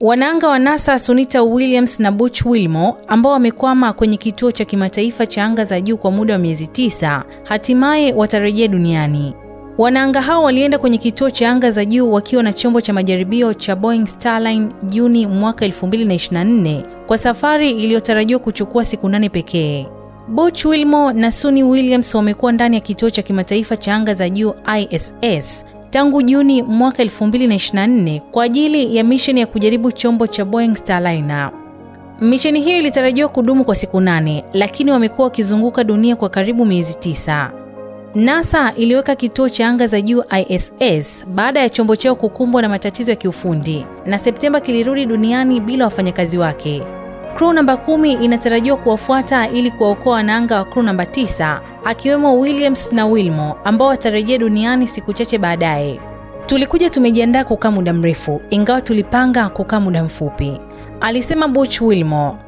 Wanaanga wa NASA Sunita Williams na Butch Wilmore ambao wamekwama kwenye kituo cha kimataifa cha anga za juu kwa muda wa miezi tisa hatimaye watarejea duniani. Wanaanga hao walienda kwenye kituo cha anga za juu wakiwa na chombo cha majaribio cha Boeing Starline Juni mwaka 2024 kwa safari iliyotarajiwa kuchukua siku nane pekee. Butch Wilmore na Suni Williams wamekuwa ndani ya kituo cha kimataifa cha anga za juu ISS tangu Juni mwaka 2024 kwa ajili ya misheni ya kujaribu chombo cha Boeing Starliner. Misheni hiyo ilitarajiwa kudumu kwa siku nane, lakini wamekuwa wakizunguka dunia kwa karibu miezi tisa. NASA iliweka kituo cha anga za juu ISS baada ya chombo chao kukumbwa na matatizo ya kiufundi, na Septemba kilirudi duniani bila wafanyakazi wake. Crew namba kumi inatarajiwa kuwafuata ili kuwaokoa wanaanga wa crew namba tisa akiwemo Williams na Wilmo ambao watarejea duniani siku chache baadaye. Tulikuja tumejiandaa kukaa muda mrefu, ingawa tulipanga kukaa muda mfupi, alisema Butch Wilmo.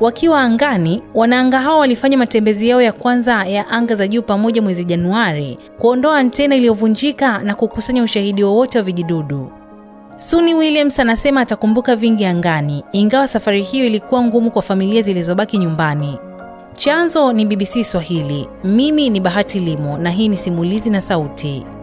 Wakiwa angani, wanaanga hao walifanya matembezi yao ya kwanza ya anga za juu pamoja mwezi Januari, kuondoa antena iliyovunjika na kukusanya ushahidi wowote wa vijidudu. Suni Williams anasema atakumbuka vingi angani, ingawa safari hiyo ilikuwa ngumu kwa familia zilizobaki nyumbani. Chanzo ni BBC Swahili. Mimi ni Bahati Limo na hii ni Simulizi na Sauti.